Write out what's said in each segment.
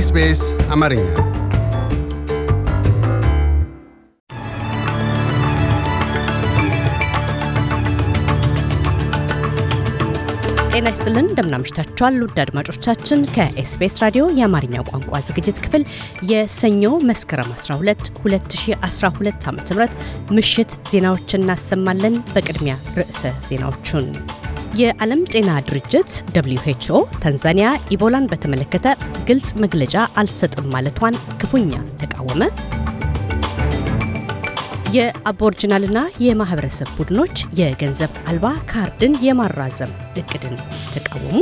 ኤስቢኤስ አማርኛ ጤና ይስጥልን እንደምናምሽታችኋል ውድ አድማጮቻችን ከኤስቢኤስ ራዲዮ የአማርኛ ቋንቋ ዝግጅት ክፍል የሰኞ መስከረም 12 2012 ዓ ም ምሽት ዜናዎችን እናሰማለን በቅድሚያ ርዕሰ ዜናዎቹን የዓለም ጤና ድርጅት ደብሊው ኤችኦ ታንዛኒያ ኢቦላን በተመለከተ ግልጽ መግለጫ አልሰጥም ማለቷን ክፉኛ ተቃወመ። የአቦርጅናልና የማህበረሰብ ቡድኖች የገንዘብ አልባ ካርድን የማራዘም እቅድን ተቃወሙ።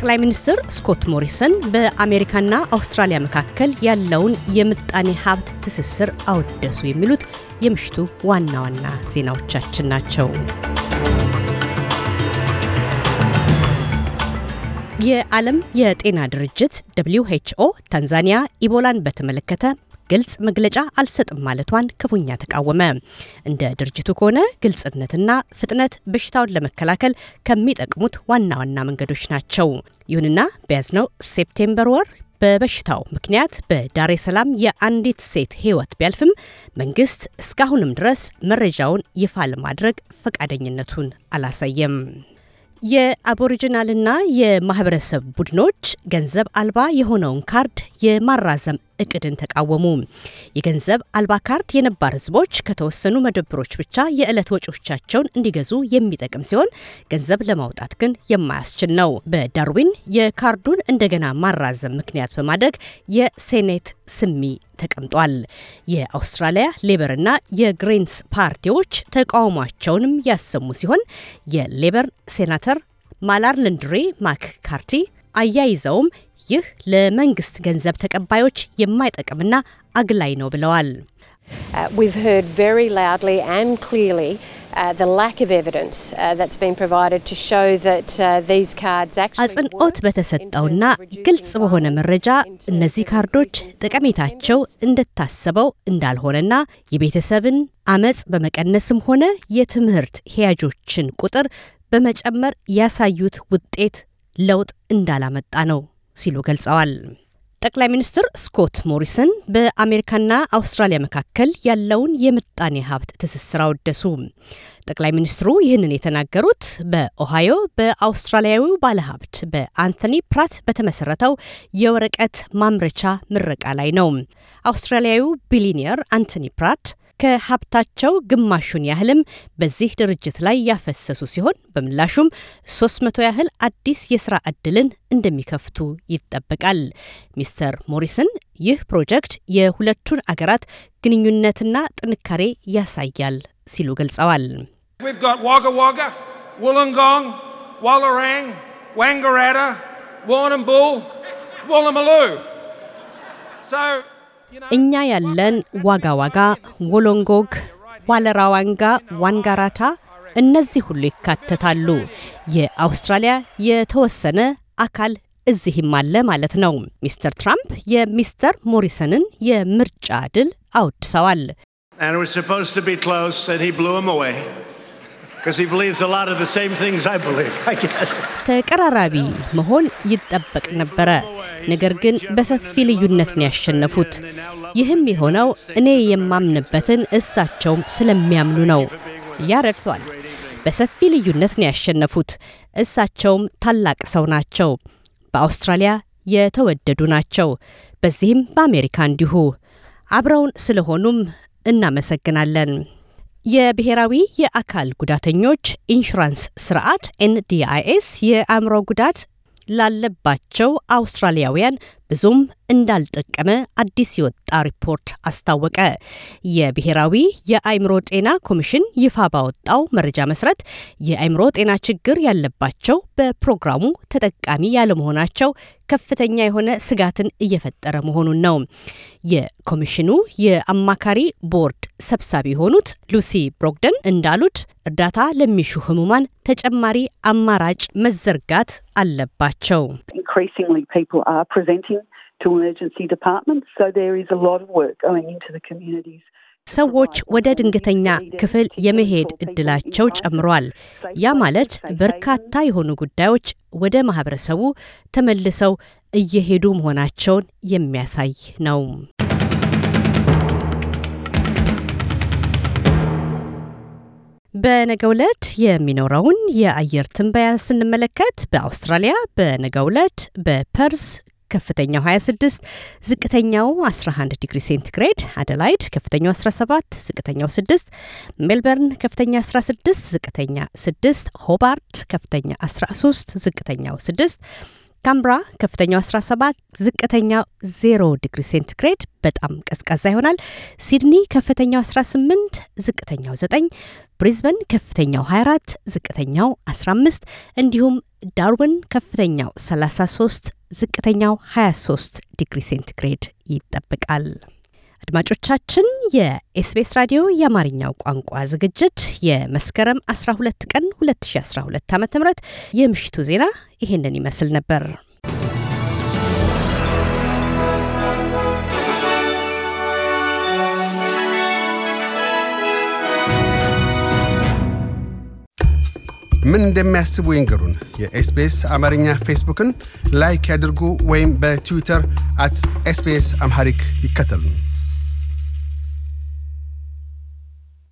ጠቅላይ ሚኒስትር ስኮት ሞሪሰን በአሜሪካና አውስትራሊያ መካከል ያለውን የምጣኔ ሀብት ትስስር አወደሱ የሚሉት የምሽቱ ዋና ዋና ዜናዎቻችን ናቸው። የዓለም የጤና ድርጅት ደብሊው ኤች ኦ ታንዛኒያ ኢቦላን በተመለከተ ግልጽ መግለጫ አልሰጥም ማለቷን ክፉኛ ተቃወመ። እንደ ድርጅቱ ከሆነ ግልጽነትና ፍጥነት በሽታውን ለመከላከል ከሚጠቅሙት ዋና ዋና መንገዶች ናቸው። ይሁንና በያዝነው ሴፕቴምበር ወር በበሽታው ምክንያት በዳሬ ሰላም የአንዲት ሴት ሕይወት ቢያልፍም መንግስት እስካሁንም ድረስ መረጃውን ይፋ ለማድረግ ፈቃደኝነቱን አላሳየም። የአቦሪጂናልና የማህበረሰብ ቡድኖች ገንዘብ አልባ የሆነውን ካርድ የማራዘም እቅድን ተቃወሙ። የገንዘብ አልባ ካርድ የነባር ህዝቦች ከተወሰኑ መደብሮች ብቻ የዕለት ወጪዎቻቸውን እንዲገዙ የሚጠቅም ሲሆን ገንዘብ ለማውጣት ግን የማያስችል ነው። በዳርዊን የካርዱን እንደገና ማራዘም ምክንያት በማድረግ የሴኔት ስሚ ተቀምጧል። የአውስትራሊያ ሌበር ና የግሬንስ ፓርቲዎች ተቃውሟቸውንም ያሰሙ ሲሆን የሌበር ሴናተር ማላር ልንድሬ ማክ ካርቲ አያይዘውም ይህ ለመንግስት ገንዘብ ተቀባዮች የማይጠቅምና አግላይ ነው ብለዋል። uh, We've heard very loudly and clearly uh, the lack of evidence uh, that's been provided to show that uh, these cards actually አጽንኦት በተሰጠውና ግልጽ በሆነ መረጃ እነዚህ ካርዶች ጠቀሜታቸው እንደታሰበው እንዳልሆነና የቤተሰብን አመጽ በመቀነስም ሆነ የትምህርት ሄያጆችን ቁጥር በመጨመር ያሳዩት ውጤት ለውጥ እንዳላመጣ ነው። ሲሉ ገልጸዋል። ጠቅላይ ሚኒስትር ስኮት ሞሪሰን በአሜሪካና አውስትራሊያ መካከል ያለውን የምጣኔ ሀብት ትስስር አወደሱ። ጠቅላይ ሚኒስትሩ ይህንን የተናገሩት በኦሃዮ በአውስትራሊያዊው ባለሀብት በአንቶኒ ፕራት በተመሰረተው የወረቀት ማምረቻ ምረቃ ላይ ነው። አውስትራሊያዊው ቢሊኒየር አንቶኒ ፕራት ከሀብታቸው ግማሹን ያህልም በዚህ ድርጅት ላይ ያፈሰሱ ሲሆን በምላሹም 300 ያህል አዲስ የስራ ዕድልን እንደሚከፍቱ ይጠበቃል። ሚስተር ሞሪስን ይህ ፕሮጀክት የሁለቱን አገራት ግንኙነትና ጥንካሬ ያሳያል ሲሉ ገልጸዋል። እኛ ያለን ዋጋ ዋጋ፣ ወሎንጎግ፣ ዋለራዋንጋ፣ ዋንጋራታ እነዚህ ሁሉ ይካተታሉ። የአውስትራሊያ የተወሰነ አካል እዚህም አለ ማለት ነው። ሚስተር ትራምፕ የሚስተር ሞሪሰንን የምርጫ ድል አወድሰዋል። ተቀራራቢ መሆን ይጠበቅ ነበረ። ነገር ግን በሰፊ ልዩነት ነው ያሸነፉት። ይህም የሆነው እኔ የማምንበትን እሳቸውም ስለሚያምኑ ነው። ያ ረድቷል። በሰፊ ልዩነት ነው ያሸነፉት። እሳቸውም ታላቅ ሰው ናቸው። በአውስትራሊያ የተወደዱ ናቸው። በዚህም በአሜሪካ እንዲሁ። አብረውን ስለሆኑም እናመሰግናለን። የብሔራዊ የአካል ጉዳተኞች ኢንሹራንስ ስርዓት ኤንዲአይኤስ የአእምሮ ጉዳት ላለባቸው አውስትራሊያውያን ብዙም እንዳልጠቀመ አዲስ የወጣ ሪፖርት አስታወቀ። የብሔራዊ የአይምሮ ጤና ኮሚሽን ይፋ ባወጣው መረጃ መሰረት የአይምሮ ጤና ችግር ያለባቸው በፕሮግራሙ ተጠቃሚ ያለመሆናቸው ከፍተኛ የሆነ ስጋትን እየፈጠረ መሆኑን ነው። የኮሚሽኑ የአማካሪ ቦርድ ሰብሳቢ የሆኑት ሉሲ ብሮግደን እንዳሉት እርዳታ ለሚሹ ህሙማን ተጨማሪ አማራጭ መዘርጋት አለባቸው። increasingly people are presenting to emergency departments. So there is a lot of work going into the communities. ሰዎች ወደ ድንገተኛ ክፍል የመሄድ እድላቸው ጨምሯል። ያ ማለት በርካታ የሆኑ ጉዳዮች ወደ ማህበረሰቡ ተመልሰው እየሄዱ መሆናቸውን የሚያሳይ ነው። በነገው ዕለት የሚኖረውን የአየር ትንበያ ስንመለከት በአውስትራሊያ በነገው ዕለት በፐርስ ከፍተኛው 26 ዝቅተኛው 11 ዲግሪ ሴንቲግሬድ፣ አደላይድ ከፍተኛው 17 ዝቅተኛው 6፣ ሜልበርን ከፍተኛ 16 ዝቅተኛ 6፣ ሆባርት ከፍተኛ 13 ዝቅተኛው 6 ካምብራ ከፍተኛው 17፣ ዝቅተኛው 0 ዲግሪ ሴንቲግሬድ በጣም ቀዝቃዛ ይሆናል። ሲድኒ ከፍተኛው 18፣ ዝቅተኛው 9፣ ብሪዝበን ከፍተኛው 24፣ ዝቅተኛው 15 እንዲሁም ዳርዊን ከፍተኛው 33፣ ዝቅተኛው 23 ዲግሪ ሴንቲግሬድ ይጠበቃል። አድማጮቻችን የኤስቢኤስ ራዲዮ የአማርኛው ቋንቋ ዝግጅት የመስከረም 12 ቀን 2012 ዓ ም የምሽቱ ዜና ይህንን ይመስል ነበር። ምን እንደሚያስቡ ይንገሩን። የኤስቢኤስ አማርኛ ፌስቡክን ላይክ ያድርጉ ወይም በትዊተር አት ኤስቢኤስ አምሃሪክ ይከተሉን።